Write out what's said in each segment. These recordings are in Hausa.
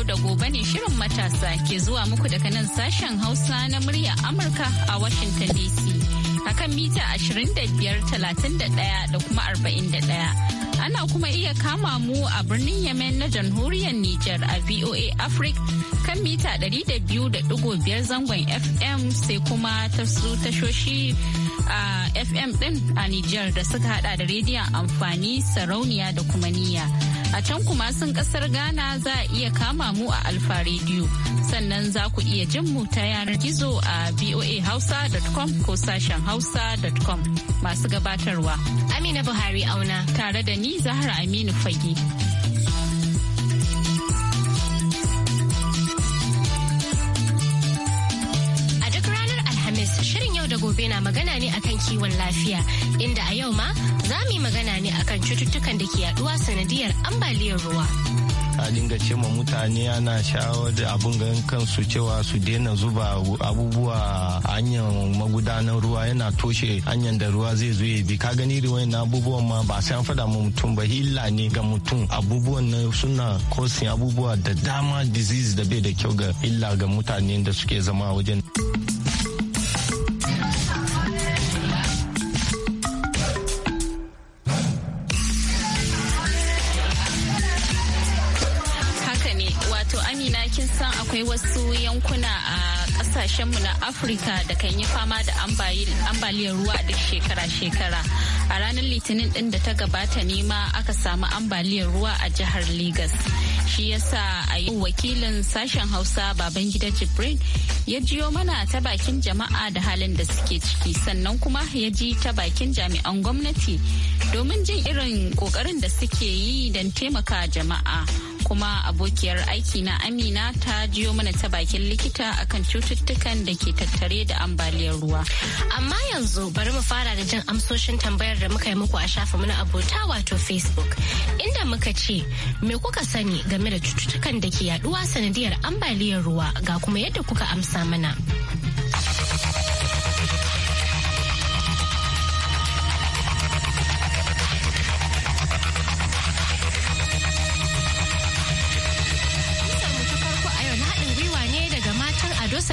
yau da gobe ne shirin matasa ke zuwa muku daga nan sashen Hausa na murya Amurka a Washington DC. Akan mita 25,31 da kuma 41. Ana kuma iya kama mu a birnin Yemen na jamhuriyar Nijar a VOA Africa kan mita 200.5 zangon FM sai kuma ta tashoshi a FM din a Nijar da suka hada da rediyon amfani sarauniya da kuma niyya. A can kuma sun kasar Ghana za a iya kama mu a Alfa Radio. Sannan za ku iya jin mu ta yanar gizo a voahausa.com ko sashen hausa.com. Masu gabatarwa. Amina Buhari auna. Tare da ni Zahra Aminu Fage. A duk ranar Alhamis, shirin yau da gobe na magana ne a kiwon lafiya inda a yau ma za mu yi magana ne akan cututtukan da ke yaduwa sanadiyar ambaliyar ruwa. a dinga ce ma mutane ana shawar da abin gan kansu cewa su daina zuba abubuwa hanyar magudanar ruwa yana toshe hanyar da ruwa zai zo ya bi ka gani da na abubuwan ma ba sai an faɗa ma mutum ba illa ne ga mutum abubuwan na suna kosin abubuwa da dama disease da bai da kyau ga illa ga mutane da suke zama wajen. kin san akwai wasu yankuna a kasashenmu na Afirka da kan yi fama da ambaliyar ruwa duk shekara-shekara. A ranar Litinin ɗin da ta gabata ne ma aka samu ambaliyar ruwa a jihar Legas. Shi yasa a yi wakilin sashen Hausa baban gida Jibrin ya jiyo mana ta bakin jama'a da halin da suke ciki sannan kuma ya ji ta bakin jami'an gwamnati domin jin irin kokarin da suke yi don taimaka jama'a. kuma abokiyar aiki na Amina ta jiyo mana ta bakin likita akan cututtukan da ke tattare da ambaliyar ruwa. Amma yanzu bari mu fara da jin amsoshin tambayar da muka yi muku a shafa na abota wato Facebook inda muka ce me kuka sani game da cututtukan da ke yaduwa sanadiyar ambaliyar ruwa ga kuma yadda kuka amsa mana.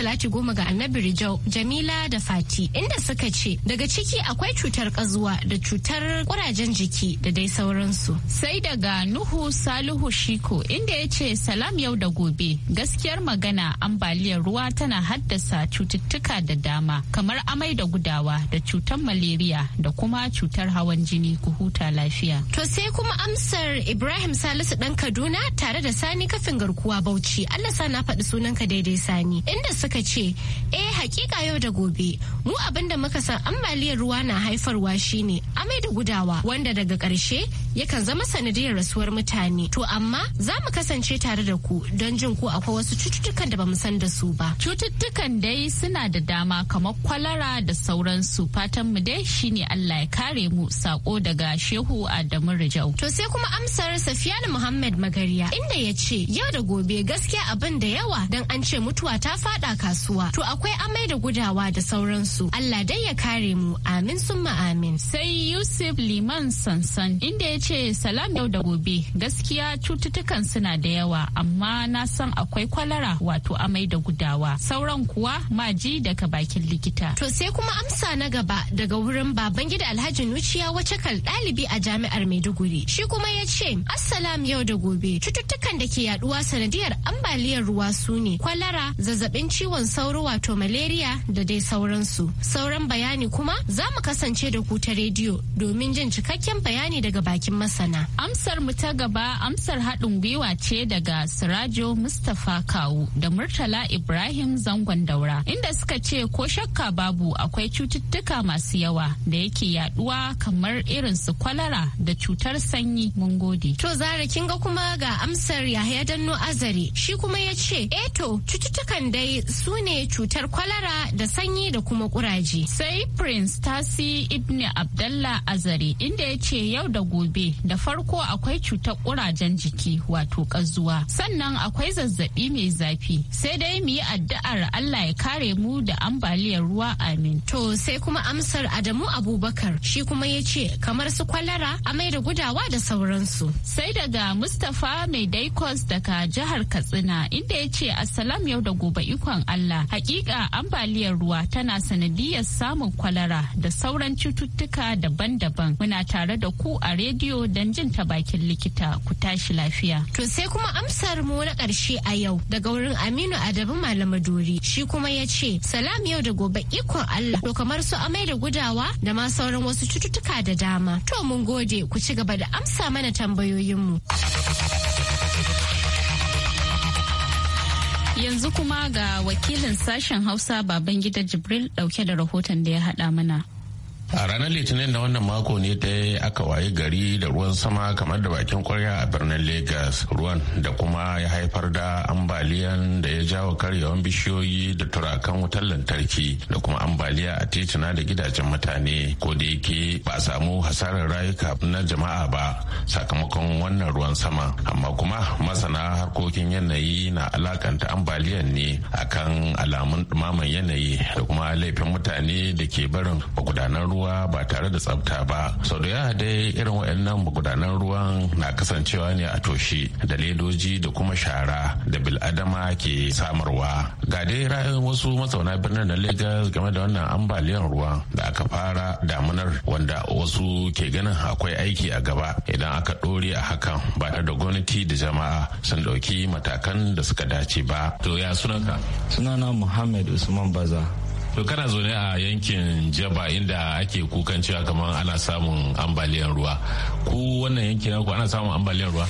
talati goma ga annabi Rijau, Jamila da Fati, inda suka ce daga ciki akwai cutar kazuwa da cutar kurajen jiki da dai sauransu. Sai daga Nuhu Salihu Shiko inda ya ce salam yau da gobe gaskiyar magana ambaliyar ruwa tana haddasa cututtuka da dama kamar amai da gudawa da cutar malaria da kuma cutar hawan jini ku huta lafiya. To sai kuma amsar Ibrahim Salisu dan Kaduna tare da Sani kafin garkuwa Bauchi. Allah sa na faɗi sunanka daidai Sani. Inda suka ce eh hakika yau da gobe mu abin da muka san ambaliyar ruwa na haifarwa shine amai da gudawa wanda daga ƙarshe yakan zama sanadiyar rasuwar mutane to amma za mu kasance tare da ku don jin ko akwai wasu cututtukan da bamu san da su ba cututtukan dai suna da dama kamar kwalara da sauransu fatan mu dai shine Allah ya kare mu sako daga Shehu Adamu Rijau to sai kuma amsar Safiyanu Muhammad Magariya inda ya ce yau da gobe gaskiya abin da yawa don an ce mutuwa ta faɗa. ka kasuwa to akwai amai da gudawa da sauransu Allah dai ya kare mu amin summa amin sai Yusuf Liman Sansan inda ya ce salam yau da gobe gaskiya cututtukan suna da yawa amma na san akwai kwalara wato amai da gudawa sauran kuwa maji daga bakin likita to sai kuma amsa na gaba daga wurin baban gida Alhaji Nuciya wace kal ɗalibi a jami'ar Maiduguri shi kuma ya ce assalam yau da gobe cututtukan da ke yaduwa sanadiyar ambaliyar ruwa su ne kwalara zazzabin ciwon ciwon sauro wato malaria da dai sauransu. Sauran bayani kuma za mu kasance da ku ta rediyo domin jin cikakken bayani daga bakin masana. Amsar mu ta gaba amsar haɗin gwiwa ce daga Sirajo Mustapha Kawu da Murtala Ibrahim Zangon Daura inda suka ce ko shakka babu akwai cututtuka masu yawa da yake yaduwa kamar irin su kwalara da cutar sanyi mun gode. To zara kin ga kuma ga amsar Yahaya Danno Azare shi kuma ya ce eh to cututtukan dai su ne cutar kwalara da sanyi da kuma kuraje. Sai Prince Tasi Ibn Abdallah Azari inda ya ce yau da gobe da farko akwai cutar kurajen jiki wato kazuwa. Sannan akwai zazzabi mai zafi sai dai mu yi addu'ar Allah ya kare mu da ambaliyar ruwa amin. To sai kuma amsar Adamu Abubakar shi kuma ya ce kamar su kwalara amai da gudawa da sauransu. Sai daga Mustapha Mai Daikos daga jihar Katsina inda ya ce Assalam yau da gobe ikon Allah. Allah. Hakika ambaliyar ruwa tana sanadiyar samun kwalara da sauran cututtuka daban-daban. Muna tare da ku a rediyo don jin ta bakin likita ku tashi lafiya. To sai kuma amsar mu na ƙarshe a yau daga wurin Aminu Adabu Malamadori. Shi kuma ya ce salam yau da gobe ikon Allah to kamar su amai da gudawa da ma sauran wasu cututtuka da dama. To mun gode ku ci gaba da amsa mana tambayoyinmu. Yanzu kuma ga wakilin sashen Hausa Babangida Jibril dauke da rahoton da ya haɗa mana. a ranar litinin da wannan mako ne dai aka waye gari da ruwan sama kamar da bakin kwarya a birnin lagos ruwan da kuma ya haifar da ambaliyan da ya jawo karyawan bishiyoyi da turakan wutar lantarki da kuma ambaliya a titina da gidajen mutane ko da yake ba a samu hasarar rayuka na jama'a ba sakamakon wannan ruwan sama amma kuma masana harkokin yanayi na alakanta ambaliyan ne akan alamun dumaman yanayi da kuma laifin mutane da ke barin magudanar ruwa ruwa ba tare da tsafta ba sau da yawa dai irin waɗannan magudanan ruwan na kasancewa ne a toshe da ledoji da kuma shara da bil'adama ke samarwa ga dai ra'ayin wasu mazauna birnin na lagos game da wannan ambaliyar ruwan da aka fara damunar wanda wasu ke ganin akwai aiki a gaba idan aka ɗore a hakan ba da gwamnati da jama'a sun ɗauki matakan da suka dace ba to ya sunanka sunana muhammad usman baza to kana zaune a yankin jaba inda ake kukan cewa kamar ana samun ambaliyar ruwa ko wannan yankin ku ana samun ambaliyar ruwa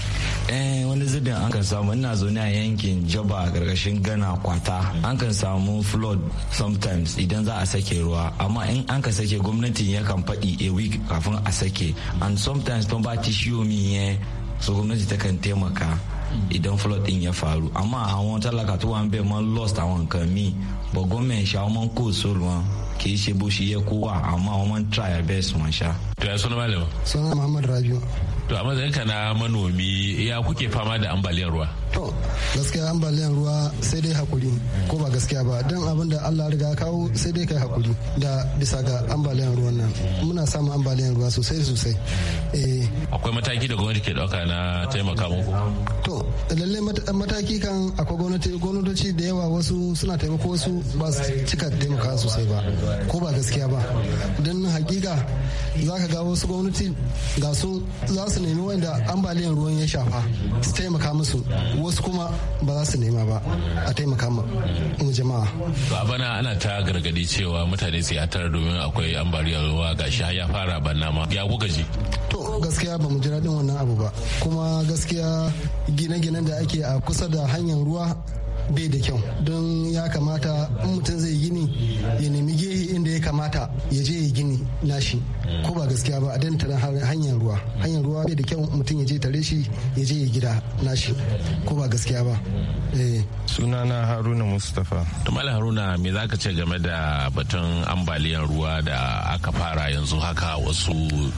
eh wani zubin an kan samu ina zaune a yankin jaba a karkashin gana kwata an kan samu flood sometimes idan za a sake ruwa amma in an ka sake gwamnati yakan faɗi a week kafin a sake and sometimes don ba tishiyomi so gwamnati ta kan taimaka idan flood din ya faru amma àwọn tálákà tó wà ń bẹ̀ mọ́ lost awon nǹkan mi but gómìnà sha o máa ń kó sóòlù wọn kì í ṣe bó ṣe yẹ kó wà àmọ́ àwọn máa ń try our best wọn ṣá. to ya suna malam. suna muhammad rajo. to a matsayin ka na manomi ya kuke fama da ambaliyar ruwa. to gaskiya ambaliyar ruwa sai dai hakuri ko ba gaskiya ba don abin da allah riga kawo sai dai kai hakuri da bisa ga ambaliyar ruwan nan muna samun ambaliyar ruwa sosai sosai eh akwai mataki da gwamnati ke dauka na taimaka muku to lallai mataki kan akwai gwamnati gwamnatoci da yawa wasu suna taimako wasu ba su cika taimaka sosai ba ko ba gaskiya ba don hakika za ka ga wasu gwamnati ga su za su nemi wanda ambaliyan ruwan ya shafa su taimaka musu wasu kuma ba za su nema ba a taimaka mu jama'a ba bana ana ta gargadi cewa mutane su yi domin akwai ambaliyan ruwa shi ya fara banna ma ya kuka ji to gaskiya bamu ba mu ji daɗin wannan abu ba kuma gaskiya gine-ginen da ake a kusa da hanyar ruwa bai da kyau don ya kamata in mutum zai gini ya nemi gehe inda ya kamata ya je ya gini nashi ko ba gaskiya ba a danta hanyar ruwa hanyar ruwa bai da kyau mutum ya je tare shi ya je ya gida nashi ko ba gaskiya ba eh. sunana haruna mustafa to haruna me za ka ce game da batun ambaliyar ruwa da aka fara yanzu haka wasu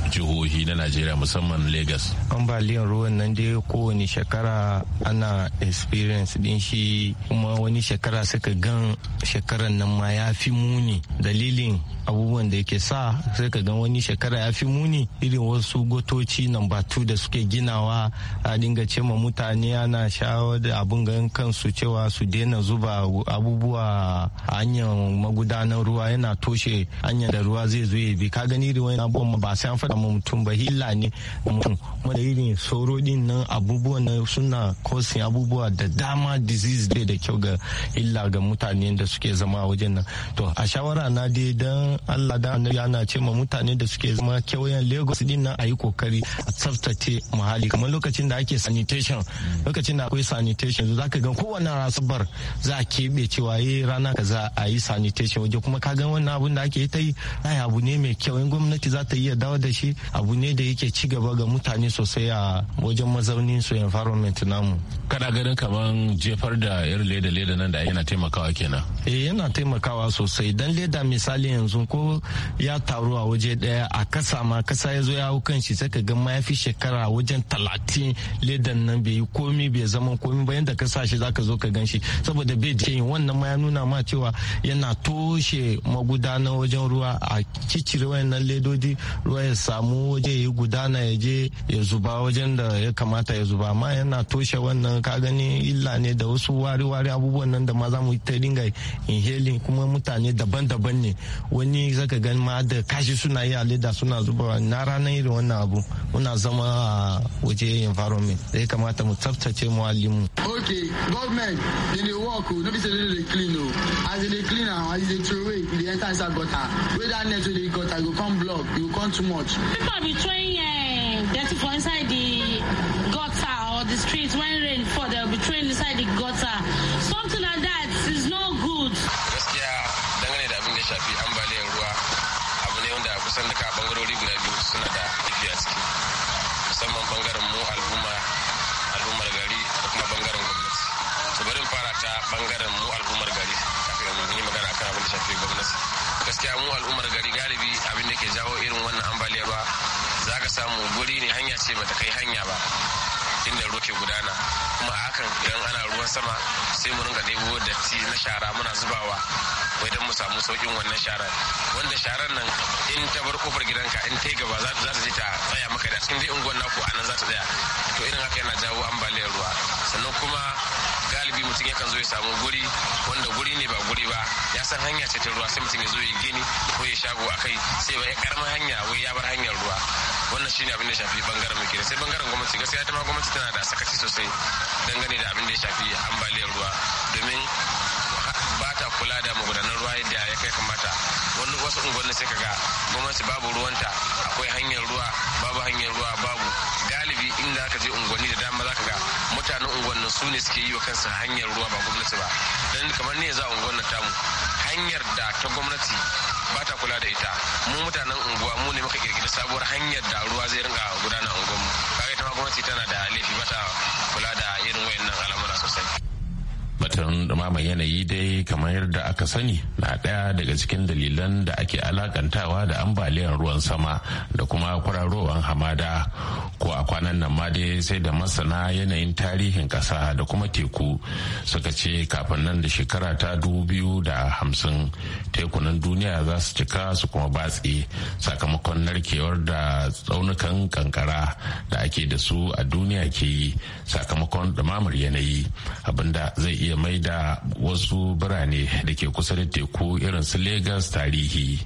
jihohi na najeriya musamman lagos ambaliyar ruwan nan dai kowane shekara ana experience din shi kuma wani shekara suka gan shekaran nan ma ya fi muni dalilin abubuwan da yake sa sai ka gan wani wani shekara ya fi muni irin wasu gotoci nan batu da suke ginawa a dinga ce ma mutane ana shawar abin gan kansu cewa su daina zuba abubuwa a hanyar magudanar ruwa yana toshe hanyar da ruwa zai zo ya bi ka gani irin wani abubuwan ba sai an faɗa mutum ba hila ne mutum kuma da irin soro din nan abubuwan nan suna kosi abubuwa da dama disease dai da kyau ga illa ga mutane da suke zama a wajen nan to a shawara na dai dan Allah da annabi ana ce ma mutane da suke zama kewayen lagos din nan a yi kokari a tsaftace muhalli kamar lokacin da ake sanitation lokacin da akwai sanitation za ka ga kowane asabar za a keɓe cewa yi eh, rana ka za a yi sanitation waje kuma ka gan wannan abun da ake ta yi ai abu ne mai kyau gwamnati za ta iya dawo da shi abu ne da yake ci gaba ga mutane sosai a wajen mazaunin su environment namu kana ganin kaman jefar da irin leda leda nan da yana taimakawa kenan eh yana taimakawa sosai dan leda misali yanzu ko ya taru a waje daya daya a kasa ma kasa ya zo ya hau kan shi sai ka ga ya shekara wajen talatin ledan nan bai yi komi bai zama komi ba yadda ka sa shi zaka zo ka gan shi saboda bai jikin wannan ma ya nuna ma cewa yana toshe magudanar wajen ruwa a kicire wayannan ledodi ruwa ya samu waje ya gudana ya je ya zuba wajen da ya kamata ya zuba amma yana toshe wannan ka gani illa ne da wasu wari-wari abubuwan nan da ma za mu ta dinga inhaling kuma mutane daban-daban ne wani zaka gani ma da kashi suna yi a leda suna zuba na ranar irin wannan abu muna zama a waje environment da ya kamata mu tsaftace muhallinmu. ok government dey dey work o no be say dey dey clean o as dey dey clean am as dey throw away dey enter inside gutter wey dat net wey dey gutter go come block e go come too much. pipo be throwing eh, dirty for inside the gutter or the street when rain a bangarori guda biyu suna da laifi a ciki musamman bangaren mu al'umma al'ummar gari da kuma bangaren gwamnati to bari fara ta bangaren mu al'ummar gari kafin mu yi magana kan abin da shafi gwamnati gaskiya mu al'ummar gari galibi abin da ke jawo irin wannan ambaliyar ba za ka samu guri ne hanya ce bata kai hanya ba inda ruwa ke gudana kuma a hakan idan ana ruwan sama sai mu ringa ɗebo datti na shara muna zubawa wai don mu samu saukin wannan sharar wanda sharar nan in ta bar kofar gidanka in ta gaba za ta je ta tsaya maka da cikin dai unguwar naku a nan za ta tsaya to irin haka yana jawo ambaliyar ruwa sannan kuma galibi mutum yakan zo ya samu guri wanda guri ne ba guri ba ya san hanya ce ta ruwa sai mutum ya zo ya gini ko ya shago a kai sai ba ya karamin hanya wai ya bar hanyar ruwa wannan shine abin da shafi bangaren muke sai bangaren gwamnati gaskiya ta ma gwamnati tana da sakaci sosai dangane da abin da shafi ambaliyar ruwa domin kula da magudanar ruwa yadda ya kai kamata wani wasu unguwanni sai kaga gwamnati babu ruwanta akwai hanyar ruwa babu hanyar ruwa babu galibi inda aka je unguwanni da dama zaka ga mutanen unguwannin su ne suke yi wa kansu hanyar ruwa ba gwamnati ba dan kamar ne za unguwannin tamu hanyar da ta gwamnati ba ta kula da ita mu mutanen unguwa mu ne muka kirkiri sabuwar hanyar da ruwa zai ringa gudana unguwanmu kaga ita ma gwamnati tana da laifi ba ta kula da irin wayannan al'amura sosai Batun dumama yanayi dai kamar yadda aka sani na ɗaya daga cikin dalilan da ake alakantawa da ambaliyar ruwan sama da kuma kwararowar hamada ko a kwanan nan ma dai sai da masana yanayin tarihin ƙasa da kuma teku suka ce kafin nan da shekara ta dubu biyu da hamsin tekunan duniya za su cika su kuma batse sakamakon narkewar da tsaunukan kankara da ake da su a duniya ke yi sakamakon dumamar yanayi abinda zai iya mai da wasu birane da ke kusa da teku irin su Legas tarihi.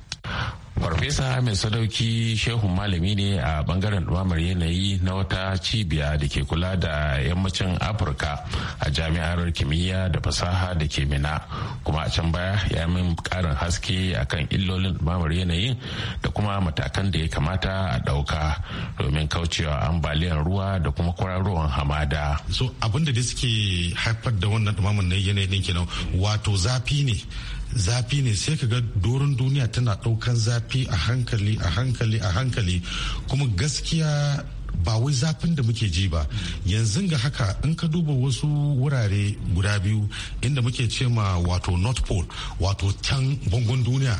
Farfesa mai sadauki shehun malami ne a bangaren dumamar yanayi na wata cibiya da ke kula da yammacin Afirka a jami'ar kimiyya da fasaha da ke mina kuma a can baya ya min karin haske akan illolin dumamar yanayin da kuma matakan da ya kamata a ɗauka domin kaucewa ambaliyar ruwa da kuma kwararowar hamada. So abinda da suke haifar da wannan dumamar yanayin kenan wato zafi ne zafi ne sai ka ga doron duniya tana ɗaukan zafi a hankali a hankali a hankali kuma gaskiya ba wai zafin da muke ji ba yanzu ga haka in ka duba wasu wurare guda biyu inda muke ce ma wato north pole wato can bangon duniya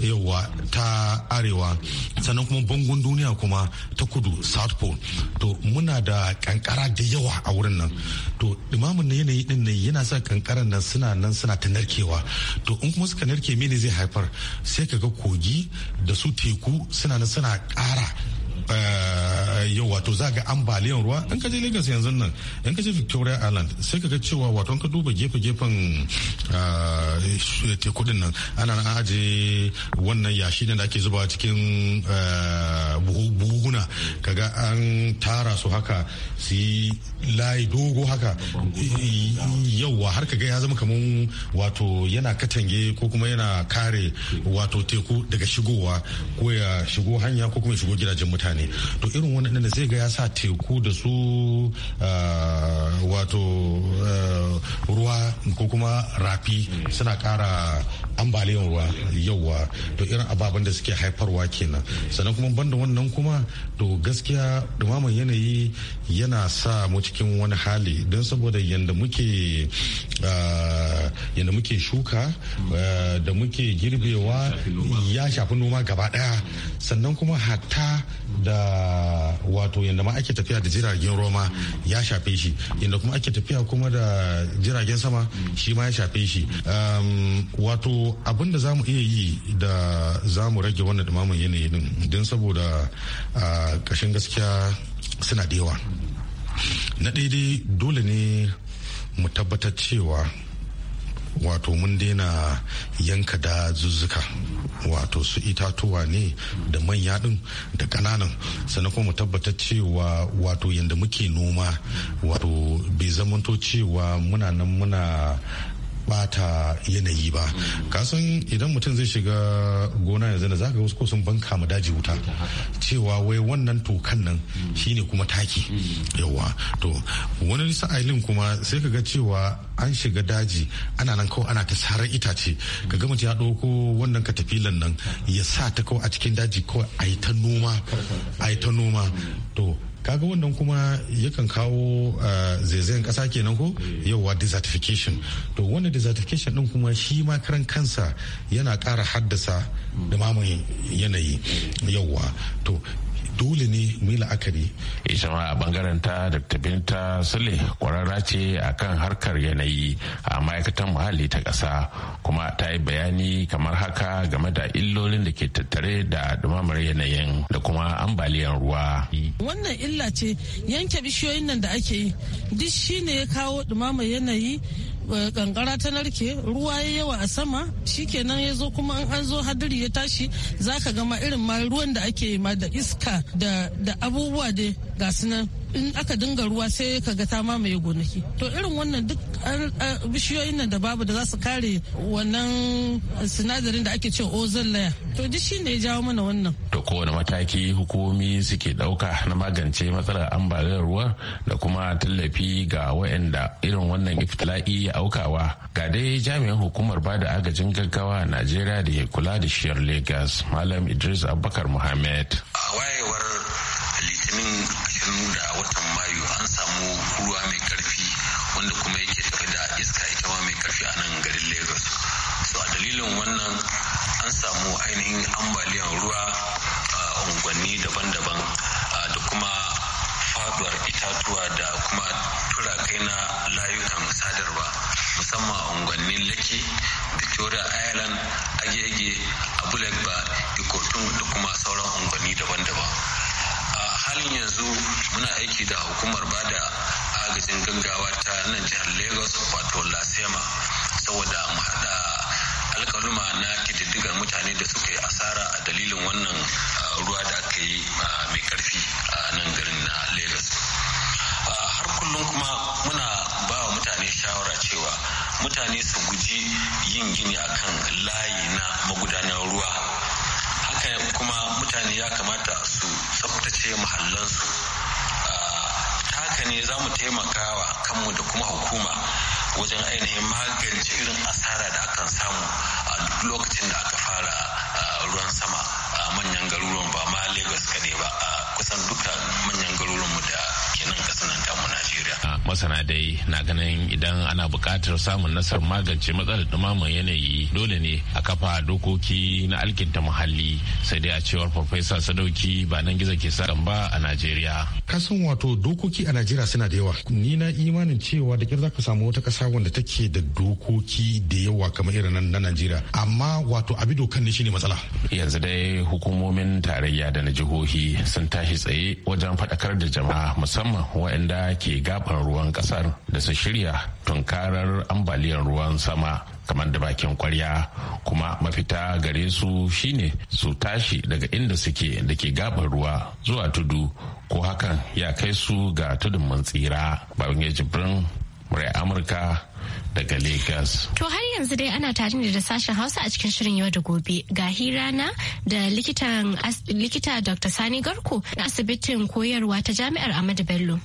yawa ta arewa sannan kuma bangon duniya kuma ta kudu south pole to muna da kankara da yawa a wurin nan to imamin na yanayi din nan yana sa kankaran nan suna nan suna ta narkewa to in kuma suka narke mene zai haifar sai ka ga kogi da su teku suna nan suna kara eh, yau wato za ga ambaliyan ruwa in ka je Lagos yanzu nan in ka je Victoria Island sai ka ga cewa wato ka duba gefe-gefen ah, teku din nan ana an aje wannan yashi da ake zuba cikin ah, buhuna kaga an tara su haka su layi dogo haka yauwa har ka kaga ya zama kamar wato yana katange ko kuma yana kare wato teku daga shigowa ko ya shigo hanya ko kuma shigo gidajen mutane to irin wani da sai ga ya sa teku da su ah, wato ah, ruwa ko kuma rafi suna kara ambaliyan ruwa yauwa to irin ababen da suke haifarwa kenan sannan kuma banda wannan kuma to gaskiya dumaman yanayi yana sa mu cikin wani hali don saboda yadda muke Eh, yadda muke shuka eh, da muke girbewa ya shafi noma gaba daya sannan kuma hatta da wato yadda ma ake tafiya da jiragen roma ya shafe shi yadda kuma ake tafiya kuma da jiragen sama shi ma ya shafe shi wato abinda za mu iya yi da za mu rage wannan dumamin yanayi din saboda kashin eh, gaskiya suna da yawa na daidai dole ne mu tabbatar cewa wato mun daina yanka da zuzzuka wato su itatuwa ne da manya din da kananan sannan kuma mu tabbatar cewa wato yadda muke noma wato bai zamanto cewa muna nan muna bata yanayi ba kasan idan mutum zai shiga gona yanzu za zaka wasu ko sun banka ma daji wuta cewa wai wannan tokan nan shine kuma taki yawa to wani ailin kuma sai ka ga cewa an shiga daji ana nan kawai ana ta sarar itace ka ga mutum ya ɗauko wannan katafilan nan ya sa ta kawai a cikin daji kawai a yi ta noma a yi ta noma to kaga wannan kuma yakan kawo ah, zaizayen kasa kenan ko eh. yauwa desertification to wannan desertification din kuma shi ma karan kansa yana kara haddasa da mm. yanayi yauwa to dole ne mu yi la'akari. ita eh, ma a bangaren ta dr binta sule kwararra ce akan harkar yanayi a ma'aikatan muhalli ta ƙasa kuma ta yi bayani kamar haka game da illolin da ke tattare da dumamar yanayin da kuma ambaliyar ruwa. wannan illa ce yanke bishiyoyin nan da ake yi duk shine ya kawo dumamar yanayi kankara eh, ta narke ruwa ya yawa a sama shikenan ya zo kuma an an zo hadiri ya tashi za ka gama irin ma ruwan da ake ma da iska da abubuwa da gasu nan in aka dinga ruwa sai ka ga ta mamaye gonaki to irin wannan duk bishiyoyin nan da babu da za su kare wannan sinadarin da ake ce ozon layer to duk shi ne ya jawo mana wannan to kowane mataki hukumi suke dauka na magance matsalar ambaliyar ruwa da kuma tallafi ga waɗanda irin wannan iftila'i ya aukawa ga dai jami'an hukumar bada agajin gaggawa a najeriya da ke kula da shiyar lagos malam idris abubakar muhammad a wayewar litinin biyu da watan mayu an samu ruwa mai karfi wanda kuma yake tafi da iska ita ma mai karfi a nan garin lagos so a dalilin wannan an samu ainihin ambaliyan ruwa a unguwanni daban-daban da kuma faduwar itatuwa da kuma turakai na layukan sadarwa musamman a unguwannin laki aiki da hukumar bada agajin gaggawa ta nan jihar lagos wato lasema saboda mu haɗa alkaluma na kididdigar mutane da suka yi asara a dalilin wannan ruwa da aka yi mai karfi a nan garin na lagos har kullum kuma muna ba wa mutane shawara cewa mutane su guji yin gini a kan layi na magudanar ruwa haka kuma mutane ya kamata su tsabtace mahallansu haka ne za mu taimaka wa kanmu da kuma hukuma wajen ainihin magance irin asara da akan samu a duk lokacin da aka fara ruwan sama a manyan garuruwan ba ma lagos kaɗai ba a kusan duka manyan garuruwanmu da cikin kasar tamu Najeriya. Masana dai na ganin idan ana buƙatar samun nasarar magance matsalar dumaman yanayi dole ne a kafa dokoki na alkinta muhalli sai dai a cewar Farfesa Sadauki ba nan gizo ke sa ba a Najeriya. Kasan wato dokoki a Najeriya suna da yawa. Ni na imanin cewa da kyar zaka samu wata ƙasa wanda take da dokoki da yawa kamar irin nan na Najeriya. Amma wato abi dokan ne shine matsala. Yanzu dai hukumomin tarayya da na jihohi sun tashi tsaye wajen faɗakar da jama'a musamman musamman waɗanda ke gaban ruwan ƙasar da su shirya tunkarar ambaliyar ruwan sama kamar da bakin kwarya kuma mafita gare su shine su tashi daga inda suke da ke gaban ruwa zuwa tudu ko hakan ya kai su ga tudun mun tsira babin jibrin murai amurka daga Lagos. To har yanzu dai ana tare ne da sashen Hausa a cikin shirin yau da gobe ga hira na da likita Dr. Sani Garko na asibitin koyarwa ta Jami'ar Ahmadu Bello.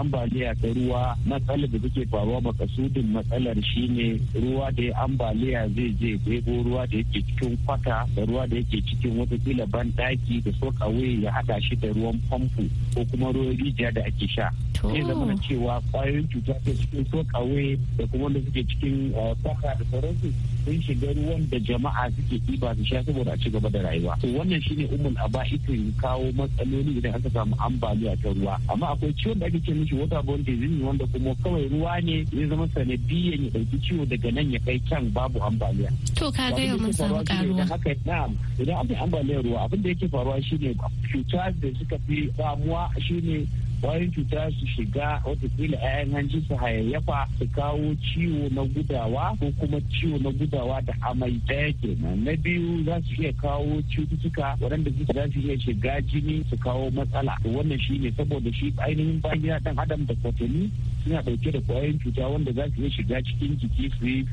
ambaliya ta ruwa matsalar da take faruwa makasudin matsalar shine ruwa da ya ambaliya zai je bebo ruwa da yake cikin kwata da ruwa da yake cikin kila ban daki da so ya hada shi da ruwan famfo ko kuma ruwan rijiya da ake sha Ne zama na cewa kwayoyin cuta ta cikin sokawe da kuma wanda suke cikin kwakwa uh, da sauransu sun shiga ruwan da jama'a suke ɗiba su sha saboda a ci gaba da rayuwa to wannan shine umul aba ikin kawo matsaloli idan aka samu ambaliya ta ruwa amma akwai ciwon da ake ce mishi waterborne disease wanda kuma kawai ruwa ne zai zama sanadiyan ya ɗauki ciwo daga nan ya kai can babu ambaliya to ka ga yau mun samu karuwa haka na'am idan ambaliyar ruwa abin da yake faruwa shine cuta da suka fi damuwa shi shine kwayoyin cuta su shiga watakila 'ya'yan hanji su hayayyafa su kawo ciwo na gudawa ko kuma ciwo na gudawa da amai daya kenan na biyu za su iya kawo cututtuka waɗanda su za su iya shiga jini su kawo matsala wannan ne saboda shi ainihin bayan gida ɗan adam da kwatanni suna ɗauke da kwayoyin cuta wanda za su iya shiga cikin jiki su yi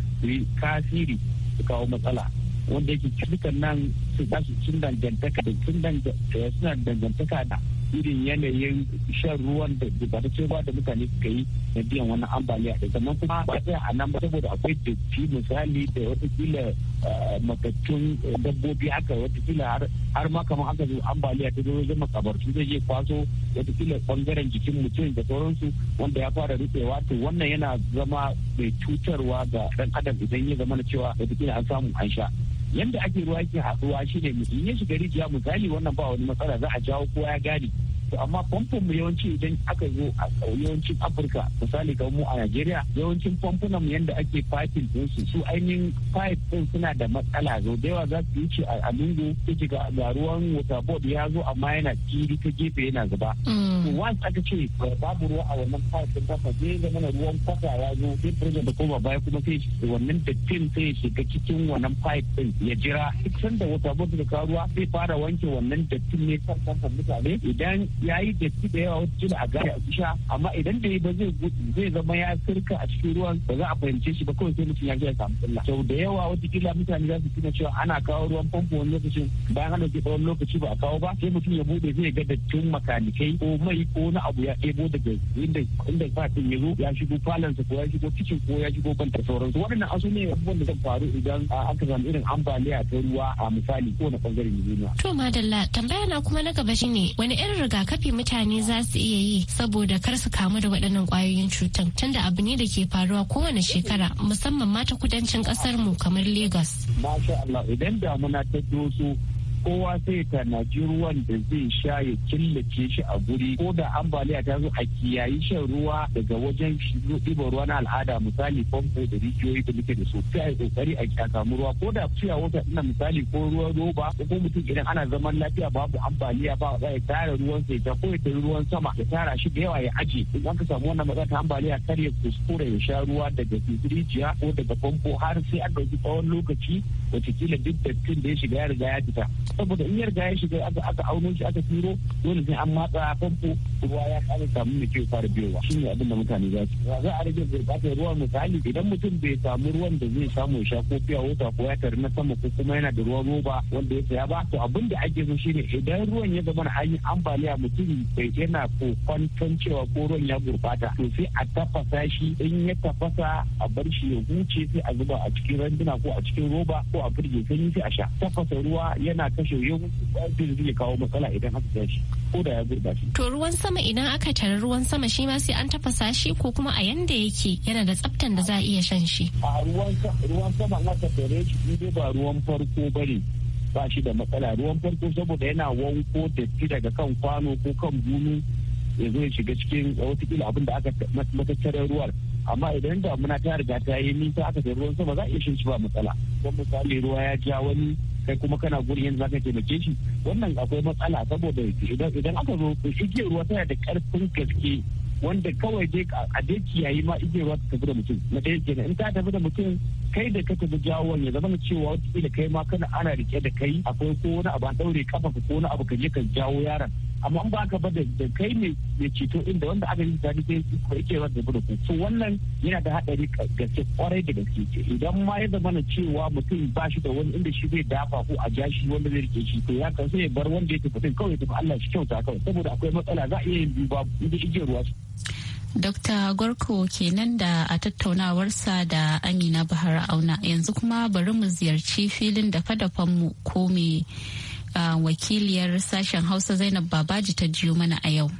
kasiri su kawo matsala wanda yake cutukan nan eh, suna dangantaka da irin yanayin shan ruwan da gubataccen da mutane suka yi na biyan wani ambaliya da sannan kuma ba sai a nan ba saboda akwai datti misali da wata kila eh, makattun eh, dabbobi haka kila har ma kamar haka zo ambaliya ta zo wajen makabartu zai iya kwaso kila bangaren jikin mutum da sauransu wanda ya fara rufewa to wannan yana zama mai cutarwa ga dan adam idan ya zama na cewa kila an samu an sha yanda ake ruwa yake haɗuwa shi ne in ya shiga rijiya misali wannan ba wani matsala za a jawo kowa ya gane to amma famfon mu yawanci idan aka zo a yawancin afirka misali kamar mu a nigeria yawancin famfunan mu yanda ake fatin din su ainihin pipe din suna da matsala zo da yawa za su yi ci a lungu take ga ruwan water board ya zo amma yana kiri ta gefe yana zuba mm. to once aka ce babu ruwa a wannan pipe din kafa zai zama na ruwan kwata ya zo sai da koma baya kuma sai wannan dattin sai ya shiga cikin wannan pipe din ya jira duk sanda water board da karuwa ruwa zai fara wanke wannan dattin ne kan mutane idan ya yi datti da yawa wata kila a gaya a amma idan da ba zai gudu zai zama ya sirka a cikin ruwan ba za a fahimce shi ba kawai sai mutum ya ga ya samu illa sau da yawa wata kila mutane za su tuna cewa ana kawo ruwan famfo wani lokacin bayan hana ke tsawon lokaci ba a kawo ba sai mutum ya bude zai ga dattin makanikai ko mai ko na abu ya ɗebo daga inda inda fatin ya zo ya shigo sa ko ya shigo kicin ko ya shigo banta sauransu waɗannan asu ne abubuwan da zan faru idan ah, aka samu irin ambaliya ta ruwa a misali ko na ɓangaren duniya. to madalla tambaya na kuma na gaba shine wani irin rigakafi rigakafi mutane za su iya yi saboda kar su kamu da waɗannan ƙwayoyin cutan tunda abu ne da ke faruwa kowane shekara musamman ma ta kudancin ƙasar mu kamar Lagos. Masha Allah idan damuna ta doso kowa sai ta tanaji ruwan da zai sha ya killace shi a guri ko da ambaliya ta zo a kiyayi shan ruwa daga wajen ɗiban ruwa na al'ada misali famfo da rijiyoyi da muke da su sai a yi kokari a samu ruwa ko da fiya wata ina misali ko ruwan roba ko mutum idan ana zaman lafiya babu ambaliya ba za ya tara ruwan sai ta ko ya ruwan sama ya tara shi da yawa ya aje in an ka samu wannan matsala ta ambaliya kar ya kuskura ya sha ruwa daga rijiya ko daga famfo har sai an ɗauki tsawon lokaci watakila duk dattin da ya shiga ya riga ya fita saboda in ya riga ya shiga aka aka auno shi aka turo dole sai an matsa famfo ruwa ya kare samu da ke fara biyowa shi ne abin da mutane za su za a rage gurbatar ruwa misali idan mutum bai samu ruwan da zai samu ya sha ko fiya wata ko ya tare na sama ko kuma yana da ruwan roba wanda ya saya ba to abin da ake so shine idan ruwan ya zama na yi ambaliya mutum bai yana kokwanton cewa ko ruwan ya gurbata to sai a tafasa shi in ya tafasa a bar shi ya huce sai a zuba a cikin randuna ko a cikin roba ko a firje sanyi sai a sha tafasa ruwa yana kashe yawancin zai kawo matsala idan haka ta shi ko da ya shi. to ruwan sama idan aka tara ruwan sama shi ma sai an tafasa shi ko kuma a yanda yake yana da tsaftan da za a iya shan shi. a ruwan sama na tafere shi dai ba ruwan farko bane ba shi da matsala ruwan farko saboda yana wanko datti daga kan kwano ko kan bunu ya ya shiga cikin watakila abin da aka matattarar ruwan amma idan damuna ta riga ta yi nisa aka da ruwan sama za a iya shan shi ba matsala don misali ruwa ya ja wani kai kuma kana gurin yanzu zaka taimake shi wannan akwai matsala saboda idan aka zo igiyar ruwa tana da karfin gaske wanda kawai dai a je kiyayi ma igiyar ruwa ta tafi da mutum na ɗaya kenan in ta tafi da mutum kai da ka tafi jawo ya zama na cewa wata kai ma kana ana rike da kai akwai ko wani abu an ɗaure kafa ko wani abu ka je ka jawo yaron amma ba ka ba da kai ne ya ceto inda wanda aka yi tsari sai ko yake wanda ba da so wannan yana da haɗari gaske kwarai da gaske idan ma ya zama na cewa mutum ba shi da wani inda shi zai dafa ko a ja shi wanda zai rike shi to ya kan sai ya bar wanda ya tafi din kawai tafi Allah shi kyauta kawai saboda akwai matsala za a iya yin biyu ba inda igiyar ruwa Dokta Gorko kenan da a tattaunawarsa da Amina Bahar Auna yanzu kuma bari mu ziyarci filin da fadafanmu ko me wakiliyar sashen hausa zainab babaji ta jiyo mana a yau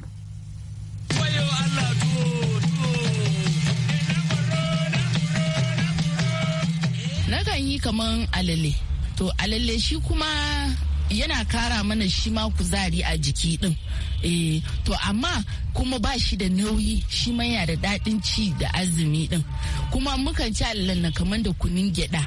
nakan yi kaman alale to alale shi kuma yana kara mana shi ma kuzari a jiki din eh to amma kuma ba shi da nauyi shi ma yana da daɗin ci da azumi din kuma mukan ci alalen na kaman da kunin gyada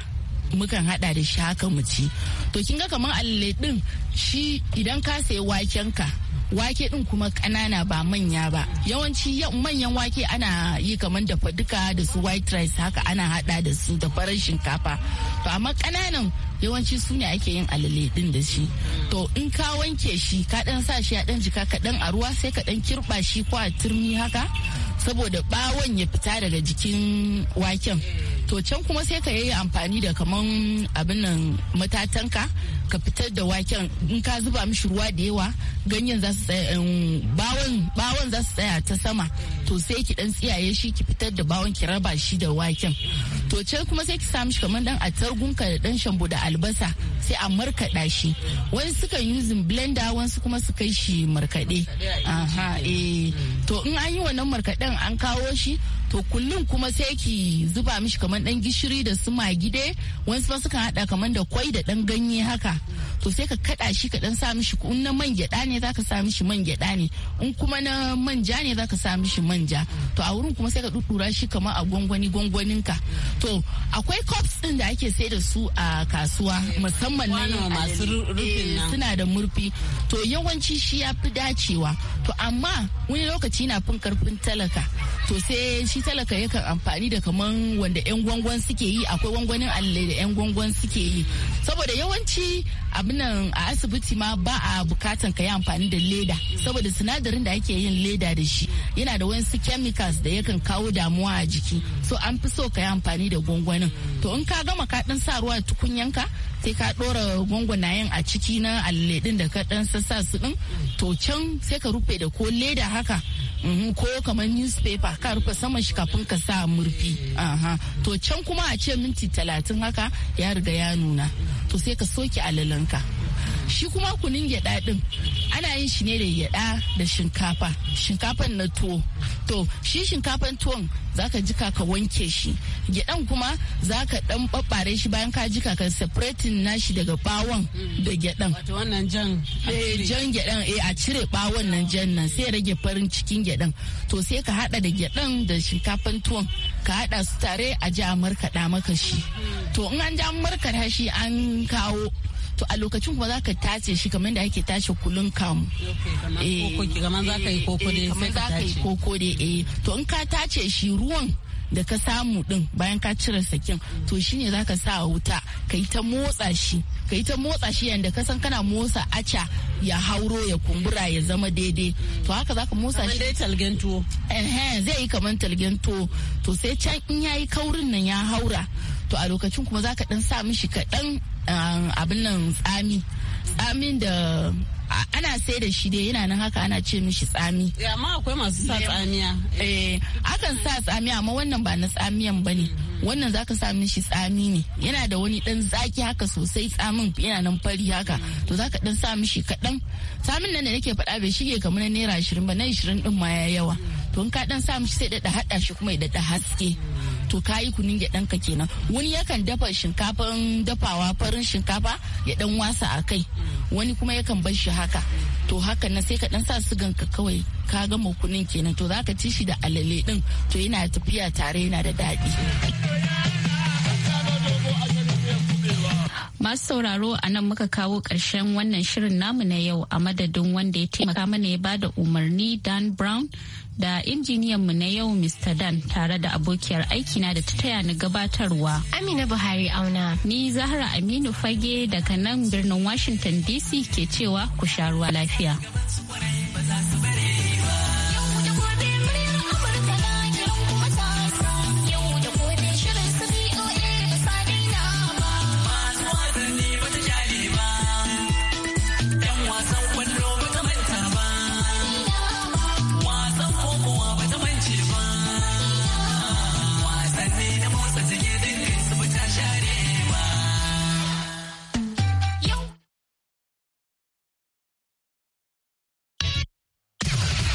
mukan hada da shi haka mu ci to kin ga kamar alale din shi idan ka sayi waken ka wake din kuma kanana ba manya ba yawanci manyan wake ana yi kamar dafa duka da su white rice haka ana hada da su da farar shinkafa to amma kananan yawanci su ne ake yin alale din da shi to in ka wanke shi ka dan sa shi a dan jika ka dan a ruwa sai ka dan kirba shi ko a turmi haka saboda bawon ya fita daga jikin waken to can kuma sai ka yi amfani da kaman abin nan matatanka ka fitar da waken in ka zuba mishi ruwa da yawa ganyen za su tsaya um, bawon bawon za su tsaya ta sama to sai ki dan tsiyaye shi ki fitar da bawon ki raba shi da waken to can kuma sai ki sa mishi kaman dan atargunka da dan shambo da albasa sai a markaɗa shi wani sukan yuzin blender wasu kuma su kai shi markaɗe aha eh to in an yi wannan markaɗen an kawo shi to kullum kuma sai ki zuba mishi kamar dan gishiri da su magide wasu ba sukan hada kamar da kwai da dan ganye haka to sai ka kada shi ka dan sa mishi kun na man gyada ne zaka sa mishi man gyada ne in kuma na manja ne zaka sa mishi manja to a wurin kuma sai ka dudura shi kamar a gwangwani gwangwanin ka to akwai cups din da ake sai da su a kasuwa eh, musamman na masu rufin eh, suna da murfi to yawanci shi ya fi dacewa to amma wani lokaci na fin karfin talaka to sai shi talaka yakan amfani da kaman wanda 'yan gwangwan suke yi akwai gwangwanin alle da 'yan gwangwan suke yi saboda yawanci abinan a asibiti ma ba a bukatan ka yi amfani da leda saboda sinadarin da ake yin leda da shi yana da wasu chemicals da yakan kawo damuwa a jiki so an fi so ka yi amfani da gwangwanin to in ka gama ka dan sa ruwa tukunyanka sai ka dora gwangwanayen a ciki na alle din da ka dan sassa su din to can sai ka rufe da ko leda haka Mhm, ko kamar newspaper ka rufe saman shi kafin ka sa murfi aha to can kuma a ce minti talatin haka ya riga ya nuna to sai ka soke alalanka shi kuma kunin gyaɗa ɗin ana yin shi ne da gyada da shinkafa shinkafan na tuwo to shi shinkafan tuwon zaka jika ka wanke shi gyadan kuma zaka dan babbare shi bayan ka jika ka separating nashi daga bawon da gyadan wato wannan jan eh jan gyadan eh a cire bawon nan jan nan sai rage farin cikin gyadan to sai ka hada da gyadan da shinkafan tuwon ka hada su tare a ji a markada maka shi to in an ja markada shi an kawo to a lokacin kuma za ka tace shi kamar da ake tace kulun kamu kamar za ka yi eh, koko dai eh, sai ka tace koko dai eh to in ka tace shi ruwan da ka samu din bayan ka cire sakin to shine zaka sa a wuta ka yi ta motsa shi ka yi ta motsa shi yanda ka san kana motsa aca ya hauro ya kumbura ya zama daidai to haka zaka motsa shi dai talgen tuwo eh zai yi kamar talgen tuwo to sai can in yayi kaurin nan ya haura to a lokacin kuma zaka dan sa mishi kaɗan Um, abin nan tsami tsamin da ana sai da shi dai yana nan haka ana ce mishi tsami. amma akwai masu sa tsamiya. Eh, akan sa tsamiya amma wannan ba na tsamiyan ba ne. Mm-hmm. Wannan zaka sa mishi tsami ne. Yana da wani dan zaki haka sosai tsamin yana nan fari haka. Mm-hmm. To zaka dan sa mishi kaɗan. Tsamin nan da nake faɗa bai shige kamar na naira ashirin ba na ashirin din ma ya yawa. Mm-hmm. To in ka dan sa mishi sai da hada shi kuma ya daɗa haske. to ka yi kunun gyaɗan ka kenan wani yakan dafa shinkafan dafawa farin shinkafa ya ɗan wasa a kai wani kuma yakan bar shi haka to haka na sai ka ɗan sa sugan ka kawai ka gama kunun kenan to zaka ci shi da alale ɗin to yana tafiya tare yana da daɗi. Masu sauraro a nan muka kawo ƙarshen wannan shirin namu na yau a madadin wanda ya taimaka mana ya ba da umarni Dan Brown da injiniyan mu na yau Mr. Dan tare da abokiyar aikina da ta taya ni gabatarwa. Amina Buhari auna. Ni Zahra Aminu Fage daga nan birnin Washington DC ke cewa ku sha ruwa lafiya.